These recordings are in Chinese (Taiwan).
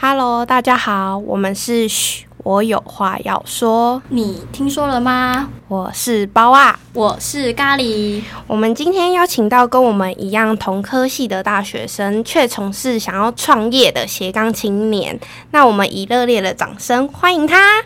Hello，大家好，我們是噓我有話要說，你聽說了嗎？我是包啊，我是咖喱。我們今天邀請到跟我們一樣同科系的大學生，卻從事想要創業的斜槓青年。那我們以熱烈的掌聲歡迎他！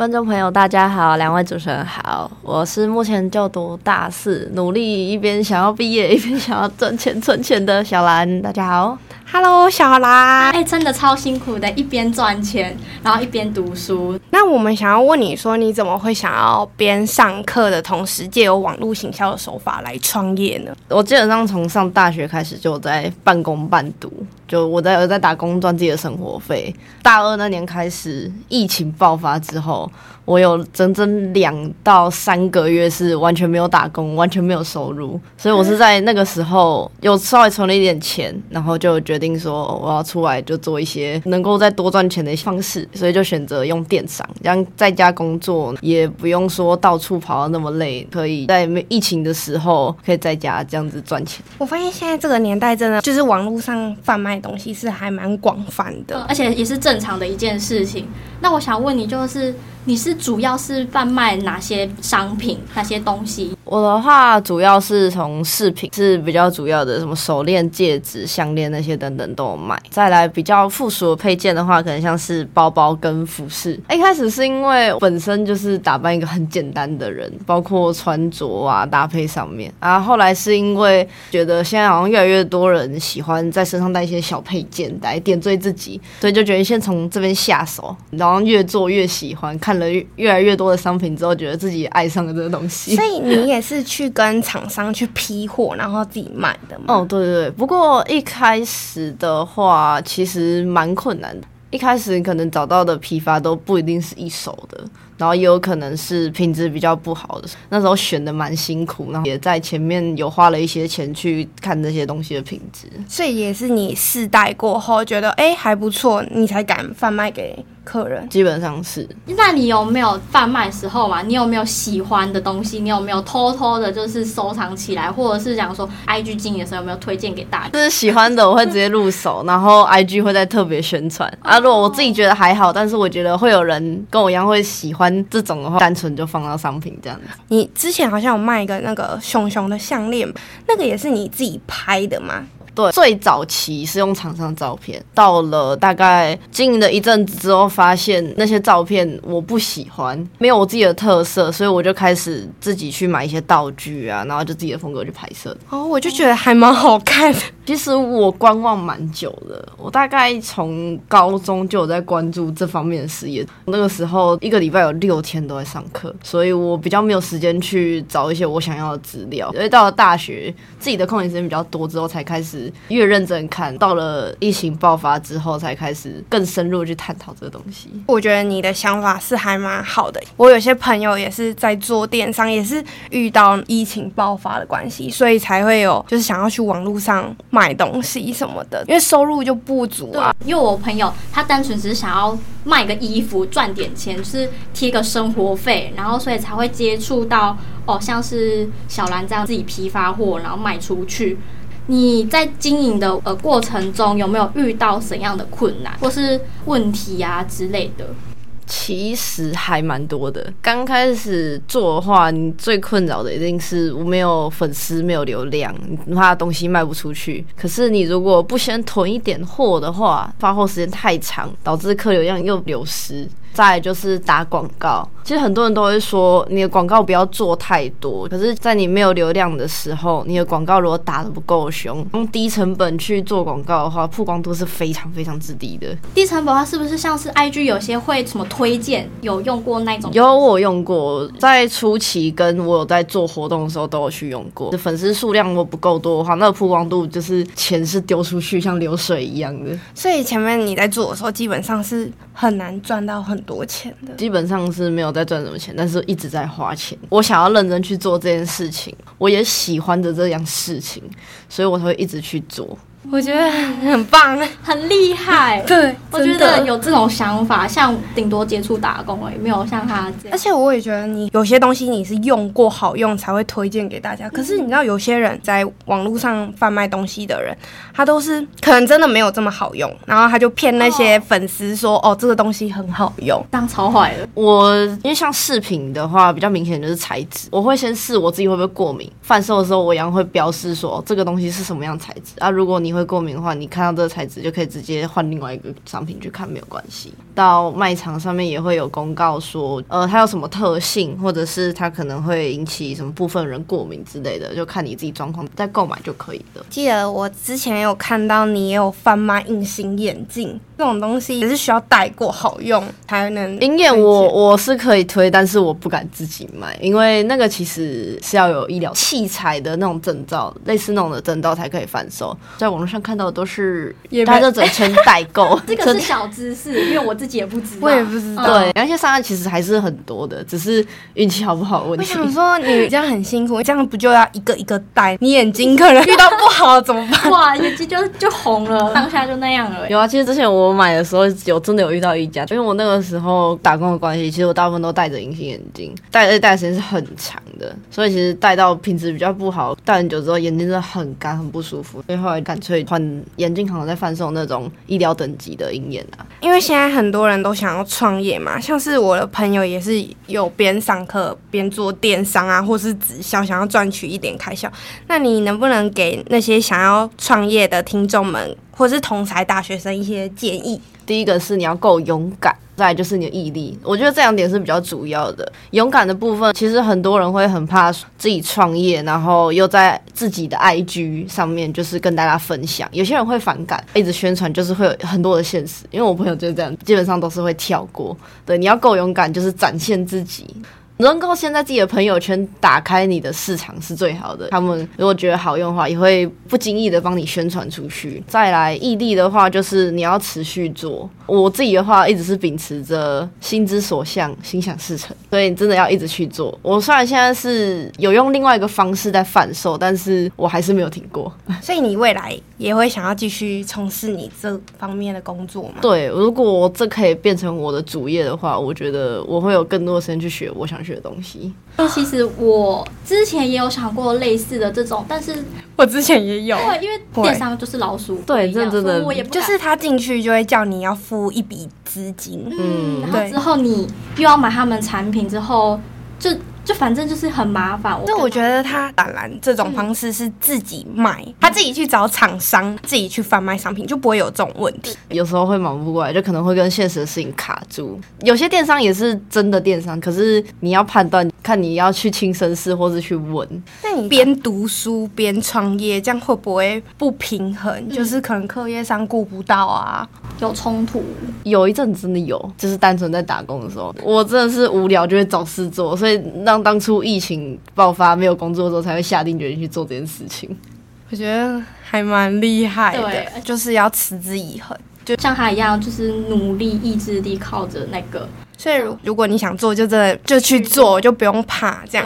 觀眾朋友，大家好，兩位主持人好，我是目前就讀大四，努力一邊想要畢業，一邊想要賺錢存錢的小蘭。大家好，Hello，小蘭，欸，真的超辛苦的，一邊賺錢，然後一邊讀書。那我們想要問你說，你怎麼會想要邊上課的同時，借由網絡行銷的手法來創業呢？我基本上從上大學開始就在半工半讀。就我在我在打工賺自己的生活費。大二那年開始，疫情爆發之後，我有整整兩到三個月是完全沒有打工，完全沒有收入。所以我是在那個時候又稍微存了一點錢，然後就決定說我要出來就做一些能夠再多賺錢的方式。所以就選擇用電商，這樣在家工作也不用說到處跑到那麼累，可以在疫情的時候可以在家這樣子賺錢。我發現現在這個年代真的就是網絡上販賣。東西是還蠻廣泛的，而且也是正常的一件事情。那我想問你，就是你是主要是販賣哪些商品，哪些東西？我的話主要是從飾品是比較主要的，什麼手鏈、戒指、項鏈那些等等都有賣。再來比較附屬的配件的話，可能像是包包跟服飾。一開始是因為本身就是打扮一個很簡單的人，包括穿着啊、搭配上面，然後後來是因為覺得現在好像越來越多人喜歡在身上帶一些。小配件來點綴自己，所以就覺得先從這邊下手，然後越做越喜歡。看了越，越來越多的商品之後，覺得自己愛上了這個東西。所以你也是去跟廠商去批貨，然後自己賣的嗎？哦，對對對。不過一開始的話，其實蠻困難的。一開始你可能找到的批發都不一定是一手的，然後也有可能是品質比較不好的。那時候選的蠻辛苦，然後也在前面有花了一些錢去看這些東西的品質。所以也是你試戴過後覺得哎、欸、還不錯，你才敢販賣給客人。基本上是。那你有沒有販賣時候嘛？你有沒有喜歡的東西？你有沒有偷偷的就是收藏起來，或者是講說 I G 經營的時候有沒有推薦給大家？就是喜歡的我會直接入手， 然後 I G 會再特別宣傳啊。如果我自己覺得還好，但是我覺得會有人跟我一樣會喜歡這種的話，單純就放到商品這樣子。你之前好像有賣一個那個熊熊的項鏈，那個也是你自己拍的嗎？對，最早期是用廠商照片，到了大概經營了一陣子之後，發現那些照片我不喜歡，沒有我自己的特色，所以我就開始自己去買一些道具啊，然後就自己的風格去拍攝。哦，我就覺得還蠻好看的。其實我觀望蠻久的，我大概從高中就有在關注這方面的事業。那個時候一個禮拜有六天都在上課，所以我比較沒有時間去找一些我想要的資料。因為到了大學，自己的空閒時間比較多之後，才開始。越認真看，到了疫情爆發之後，才開始更深入去探討這個東西。我覺得你的想法是還蠻好的。我有些朋友也是在做電商，也是遇到疫情爆發的關係，所以才會有就是想要去網絡上買東西什麼的，因為收入就不足啊。因為我朋友他單純只是想要賣個衣服賺點錢，就是貼個生活費，然後所以才會接觸到哦，像是小蘭這樣自己批發貨然後賣出去。你在經營的呃過程中有沒有遇到怎樣的困難或是問題啊之類的？其實還蠻多的。剛開始做的話，你最困擾的一定是我沒有粉絲、沒有流量，你怕東西賣不出去。可是你如果不先囤一點貨的話，發貨時間太長，導致客流量又流失。再就是打廣告，其實很多人都會說，你的廣告不要做太多。可是，在你沒有流量的時候，你的廣告如果打的不夠凶，用低成本去做廣告的話，曝光度是非常非常之低的。低成本的話，是不是像是 IG 有些會什麼推薦，有用過那種？有，我用過，在初期跟我有在做活動的時候都有去用過。粉絲數量如果不夠多的話，那個曝光度就是錢是丟出去像流水一樣的。所以前面你在做的時候，基本上是很難賺到很。多錢的，基本上是沒有在賺什麼錢，但是一直在花錢。我想要認真去做這件事情，我也喜歡着這樣事情，所以我才會一直去做。我覺得很棒，很厲害。 對，我覺得有這種想法，像頂多接觸打工而已，沒有像他這樣。而且我也覺得你有些東西你是用過好用才會推薦給大家、嗯。可是你知道，有些人在網絡上販賣東西的人，他都是可能真的沒有這麼好用，然後他就騙那些粉絲說哦：“哦，這個東西很好用。”這樣超壞了。我因為像飾品的話，比較明顯就是材質，我會先試我自己會不會過敏。販售的時候，我一樣會標示說、哦、這個東西是什麼樣材質啊。如果你你會過敏的話，你看到這個材質就可以直接換另外一個商品去看，沒有關係。到賣場上面也會有公告說，呃，它有什麼特性，或者是它可能會引起什麼部分人過敏之類的，就看你自己狀況再購買就可以了。記得我之前有看到你也有販賣隱形眼鏡，這種東西也是需要戴過好用才能。隱形眼我我是可以推，但是我不敢自己賣，因為那個其實是要有醫療器材的那種證照，類似那種的證照才可以販售，在我網上看到的都是，他、欸、的嘴唇代購，這個是小知識，因為我自己也不知道，我也不知道、嗯。對，現在上岸其實還是很多的，只是運氣好不好問題。我想說，你這樣很辛苦，這樣不就要一個一個戴？你眼睛可能 遇到不好怎麼辦？哇，眼睛就就紅了，當下就那樣了。有啊，其實之前我買的時候有，有真的有遇到一家，因為我那個時候打工的關係，其實我大部分都戴着隱形眼鏡，戴戴的時間是很長的，所以其實戴到品質比較不好，戴很久之後眼睛真的很乾很不舒服，所以後來乾脆。所以，嚴眼可能在販售那種醫療等級的隱形的。因為現在很多人都想要創業嘛，像是我的朋友也是有邊上課邊做電商啊，或是直銷，想要賺取一點開銷。那你能不能給那些想要創業的聽眾們？或是同才大學生一些建議。第一個是你要夠勇敢，再來就是你的毅力。我覺得這兩點是比較主要的。勇敢的部分，其實很多人會很怕自己創業，然後又在自己的 IG 上面就是跟大家分享。有些人會反感，一直宣傳就是會有很多的現實。因為我朋友就是這樣，基本上都是會跳過。對，你要夠勇敢，就是展現自己。能夠先在自己的朋友圈打開你的市場是最好的。他們如果覺得好用的話，也會不經意的幫你宣傳出去。再來毅力的話，就是你要持續做。我自己的話，一直是秉持着心之所向，心想事成，所以你真的要一直去做。我雖然現在是有用另外一個方式在販售，但是我還是沒有停過。所以你未來，也會想要繼續從事你這方面的工作嘛？對，如果這可以變成我的主業的話，我覺得我會有更多的時間去學我想學的東西。那其實我之前也有想過類似的這種，但是我之前也有。因為電商就是老鼠對對這樣，對，真的真的我也不。就是他進去就會叫你要付一筆資金，嗯，然後之後你又要買他們產品，之後就。就反正就是很麻煩，我覺得他當然這種方式是自己賣，嗯、他自己去找廠商，自己去販賣商品，就不會有這種問題。有時候會忙不過來，就可能會跟現實的事情卡住。有些電商也是真的電商，可是你要判斷。看你要去親身試，或是去問。那你邊讀書邊創業，這樣會不會不平衡？嗯、就是可能課業上顧不到啊，有衝突。有一陣子真的有，就是單純在打工的時候，我真的是無聊就會找事做，所以讓當初疫情爆發沒有工作的時候，才會下定決心去做這件事情。我覺得還蠻厲害的，就是要持之以恆，就像他一樣，就是努力意志力，靠着那個。所以，如果你想做，就真的就去做，就不用怕這樣。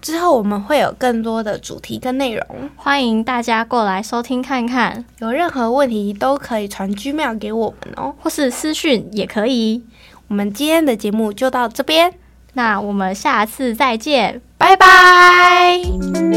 之後我們會有更多的主題跟內容，歡迎大家過來收聽看看。有任何問題都可以傳 Gmail 給我們哦，或是私訊也可以。我們今天的節目就到這邊，那我們下次再見，拜拜。嗯